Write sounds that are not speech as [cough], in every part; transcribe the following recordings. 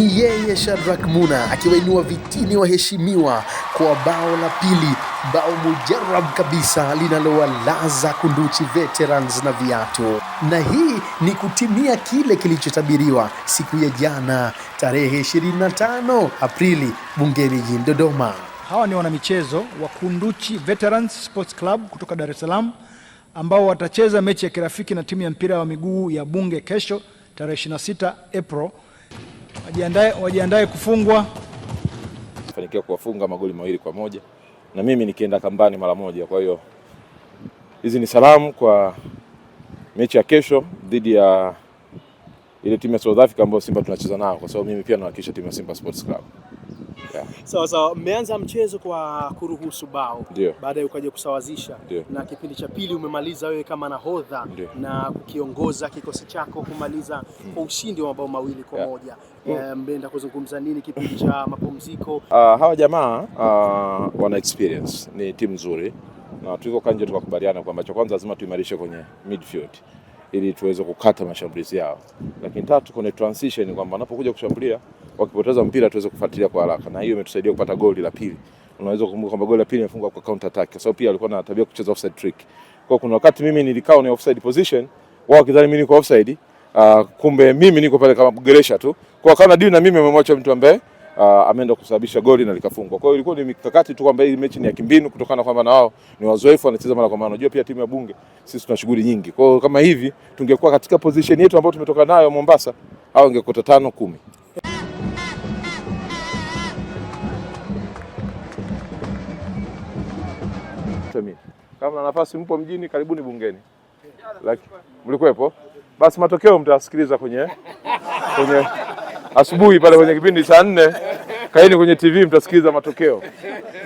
Ni yeye Shadrack Muna akiwainua vitini waheshimiwa kwa bao la pili, bao mujarab kabisa linalowalaza Kunduchi Veterans na viatu. Na hii ni kutimia kile kilichotabiriwa siku ya jana tarehe 25 Aprili bungeni jijini Dodoma. Hawa ni wanamichezo wa Kunduchi Veterans Sports Club kutoka Dar es Salaam ambao watacheza mechi ya kirafiki na timu ya mpira wa miguu ya Bunge kesho tarehe 26 Aprili wajiandae, wajiandae kufungwa. Fanikiwa kuwafunga magoli mawili kwa moja na mimi nikienda kambani mara moja. Kwa hiyo hizi ni salamu kwa mechi ya kesho dhidi ya ile timu ya South Africa ambayo Simba tunacheza nao, kwa sababu mimi pia nawakilisha timu ya Simba Sports Club. Sawa sawa, mmeanza mchezo kwa kuruhusu bao, baadaye ukaja kusawazisha Dio. na kipindi cha pili umemaliza wewe kama nahodha na kukiongoza kikosi chako kumaliza hmm. kwa ushindi wa mabao mawili kwa yeah. moja yeah. Hmm. Mmeenda kuzungumza nini kipindi cha mapumziko? Uh, hawa jamaa uh, wana experience, ni timu nzuri na tuko kanje tukakubaliana kwamba cha kwanza lazima tuimarishe kwenye midfield ili tuweze kukata mashambulizi yao, lakini tatu kwenye transition kwamba wanapokuja kushambulia wakipoteza mpira tuweze kufuatilia kwa haraka, na hiyo imetusaidia kupata goli la pili. Unaweza kukumbuka kwamba goli la pili imefungwa kwa counter attack, kwa sababu pia alikuwa na tabia kucheza offside trick. Kwa kuna wakati mimi nilikaa na offside position, wao wakidhani mimi niko offside, uh, kumbe mimi niko pale kama geresha tu, kwa kana deal na mimi amemwacha mtu ambaye uh, ameenda kusababisha goli na likafungwa. Kwa hiyo ilikuwa ni mikakati tu kwamba hii mechi ni ya kimbinu kutokana kwamba na wao ni wazoefu wanacheza mara kwa mara. Unajua pia timu ya Bunge sisi tuna shughuli nyingi. Kwa hiyo kama hivi tungekuwa katika position yetu ambayo tumetoka nayo Mombasa au ingekuta tano kumi. anatomy. Kama na nafasi, mpo mjini, karibuni bungeni. Like, mlikuwepo? Basi matokeo mtasikiliza kwenye kwenye asubuhi pale kwenye kipindi cha nne, kaeni kwenye TV mtasikiliza matokeo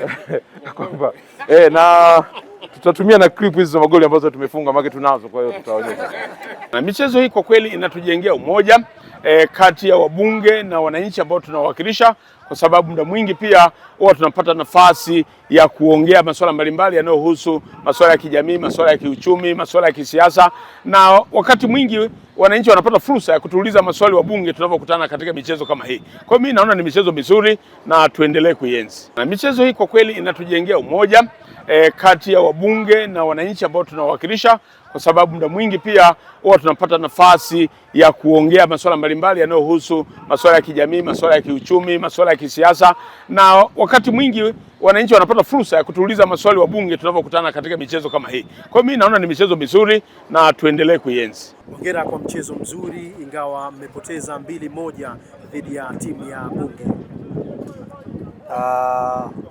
[laughs] kwamba eh na tutatumia na clip hizi za magoli ambazo tumefunga, maana tunazo, kwa hiyo tutaonyesha. Na michezo hii kwa kweli inatujengea umoja e, kati ya wabunge na wananchi ambao tunawawakilisha, kwa sababu muda mwingi pia huwa tunapata nafasi ya kuongea masuala mbalimbali yanayohusu masuala ya kijamii, masuala ya kiuchumi, masuala ya kisiasa, na wakati mwingi wananchi wanapata fursa ya kutuuliza maswali wabunge tunapokutana katika michezo kama hii. Kwa hiyo mimi naona ni michezo mizuri na tuendelee kuienzi. Na michezo hii kwa kweli inatujengea umoja e, kati ya wabunge na wananchi ambao tunawakilisha, kwa sababu muda mwingi pia huwa tunapata nafasi ya kuongea masuala mbalimbali yanayohusu masuala ya kijamii, masuala ya kiuchumi, masuala ya kisiasa, na wakati mwingi wananchi wanapata fursa ya kutuuliza maswali wabunge tunapokutana katika michezo kama hii. Kwa hiyo mimi naona ni michezo mizuri na tuendelee kuienzi. Hongera kwa mchezo mzuri, ingawa mmepoteza mbili moja dhidi ya timu ya Bunge. Uh...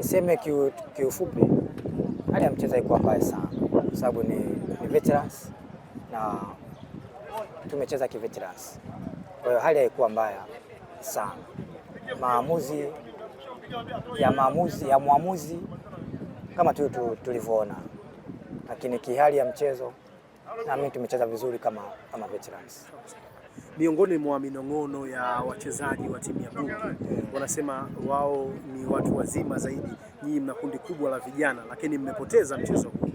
Niseme kiufupi, hali ya mchezo haikuwa mbaya sana, kwa sababu ni, ni veterans na tumecheza veterans, kwa hiyo hali haikuwa mbaya sana. Maamuzi ya maamuzi ya mwamuzi kama tu tulivyoona, lakini kihali ya mchezo na mimi tumecheza vizuri kama, kama veterans miongoni mwa minong'ono ya wachezaji wa timu ya Buki, wanasema wao ni watu wazima zaidi, nyinyi mna kundi kubwa la vijana, lakini mmepoteza mchezo huu.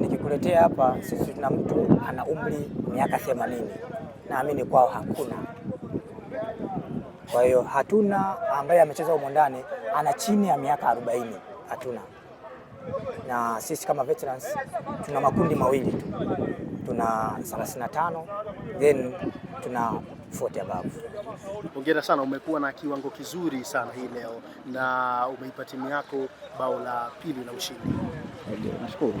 Nikikuletea hapa, sisi tuna mtu ana umri miaka 80 naamini kwao hakuna. Kwa hiyo hatuna ambaye amecheza humo ndani ana chini ya miaka 40, hatuna. Na sisi kama veterans tuna makundi mawili tu tuna 35 then tuna 40 above. Hongera sana, umekuwa na kiwango kizuri sana hii leo na umeipa timu yako bao la pili la ushindi. Nashukuru.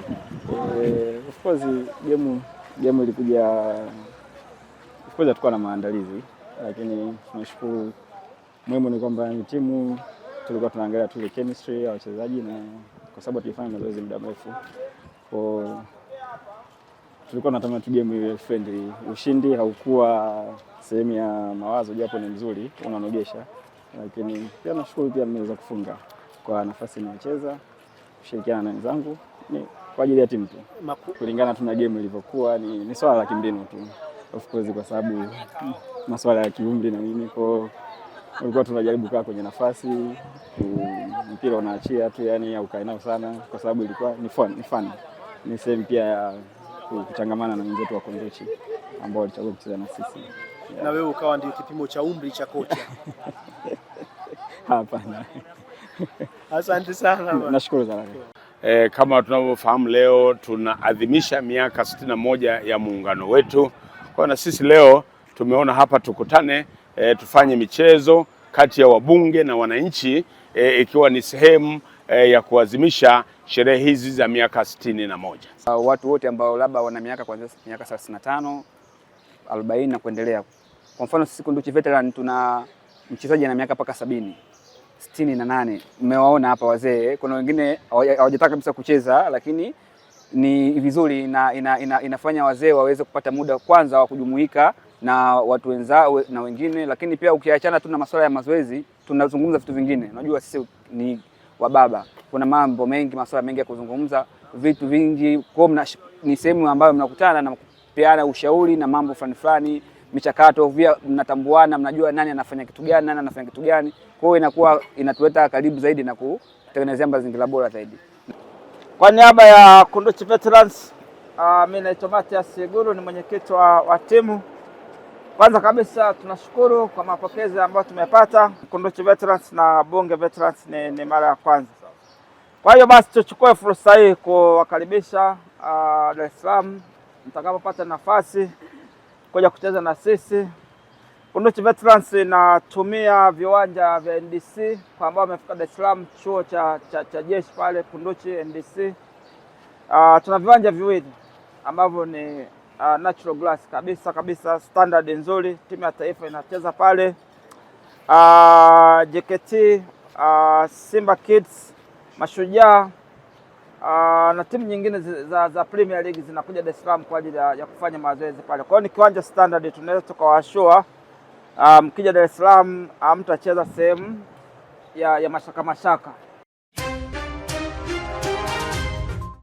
Eh, of course game game ilikuja, of course hatukuwa na maandalizi, lakini tunashukuru. Muhimu ni kwamba ni timu tulikuwa tunaangalia tu chemistry ya wachezaji, na kwa sababu tulifanya mazoezi muda mrefu kwa tulikuwa natamani tu game friendly. Ushindi haukuwa sehemu ya mawazo, japo ni mzuri, unanogesha, lakini pia nashukuru pia nimeweza kufunga kwa nafasi inayocheza, kushirikiana na wenzangu ni kwa ajili ya timu tu, kulingana tuna game ilivyokuwa. Ni, ni swala la kimbinu tu of course, kwa sababu masuala ya kiumri na nini kwa ulikuwa tunajaribu kaa kwenye nafasi mpira unaachia tu, yani au nao sana, kwa sababu ilikuwa ni fun, ni fun, ni sehemu pia ya kutangamana na wenzetu wa Kunduchi ambao walichagua kucheza na sisi yeah. Na wewe ukawa ndio kipimo cha umri cha kocha? [laughs] Hapana. Asante sana. Nashukuru sana. E, kama tunavyofahamu leo tunaadhimisha miaka sitini na moja ya muungano wetu. Kwa hiyo na sisi leo tumeona hapa tukutane, e, tufanye michezo kati ya wabunge na wananchi, e, ikiwa ni sehemu eh, ya kuadhimisha sherehe hizi za miaka sitini na moja. Ah, watu wote ambao labda wana miaka kuanzia miaka 35, 40 na kuendelea. Kwa mfano sisi Kunduchi Veteran tuna mchezaji ana miaka mpaka sabini sitini na nane. Mmewaona hapa wazee, eh? kuna wengine hawajataka kabisa kucheza, lakini ni vizuri na ina, ina, inafanya wazee waweze kupata muda kwanza wa kujumuika na watu wenzao na wengine, lakini pia ukiachana tu na masuala ya mazoezi, tunazungumza vitu vingine. Unajua sisi ni wa baba. Kuna mambo mengi, masuala mengi ya kuzungumza, vitu vingi. Kwa hiyo ni sehemu ambayo mnakutana na kupeana ushauri na mambo fulani fulani, michakato via, mnatambuana, mnajua nani anafanya kitu gani, nani anafanya kitu gani. Kwa hiyo inakuwa inatuleta karibu zaidi na kutengenezea mazingira bora zaidi. Kwa niaba ya Kunduchi Veterans, uh, mimi naitwa Mathias Seguru, ni mwenyekiti wa, wa timu kwanza kabisa tunashukuru kwa mapokezi ambayo tumepata Kunduchi Veterans na Bunge Veterans ni, ni mara ya kwanza. Kwa hiyo basi tuchukue fursa hii kuwakaribisha uh, Dar es Salaam mtakapopata nafasi kuja kucheza na sisi. Kunduchi Veterans inatumia viwanja vya NDC kwa ambao wamefika Dar es Salaam, chuo cha, cha, cha jeshi pale Kunduchi NDC. Uh, ah, tuna viwanja viwili ambavyo ni uh, natural grass kabisa kabisa, standard nzuri, timu ya taifa inacheza pale uh, ah, JKT uh, ah, Simba Kids, Mashujaa uh, na timu nyingine za, za Premier League zinakuja Dar es Salaam kwa ajili ya, ya kufanya mazoezi pale. Kwa hiyo ni kiwanja standard, tunaweza tukawashua mkija um, Dar es Salaam mtacheza um, sehemu ya, ya mashaka mashaka